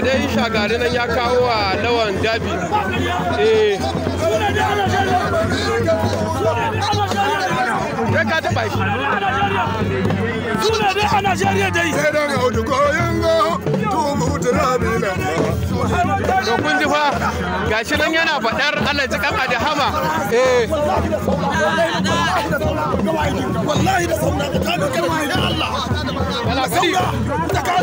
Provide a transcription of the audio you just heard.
dai shagari nan ya kawo a lawan dabi eh. shi a najeriya gashi nan yana faɗar allah ji kama da hama eh wallahi da sauna da kano kalma ya allah da sauna da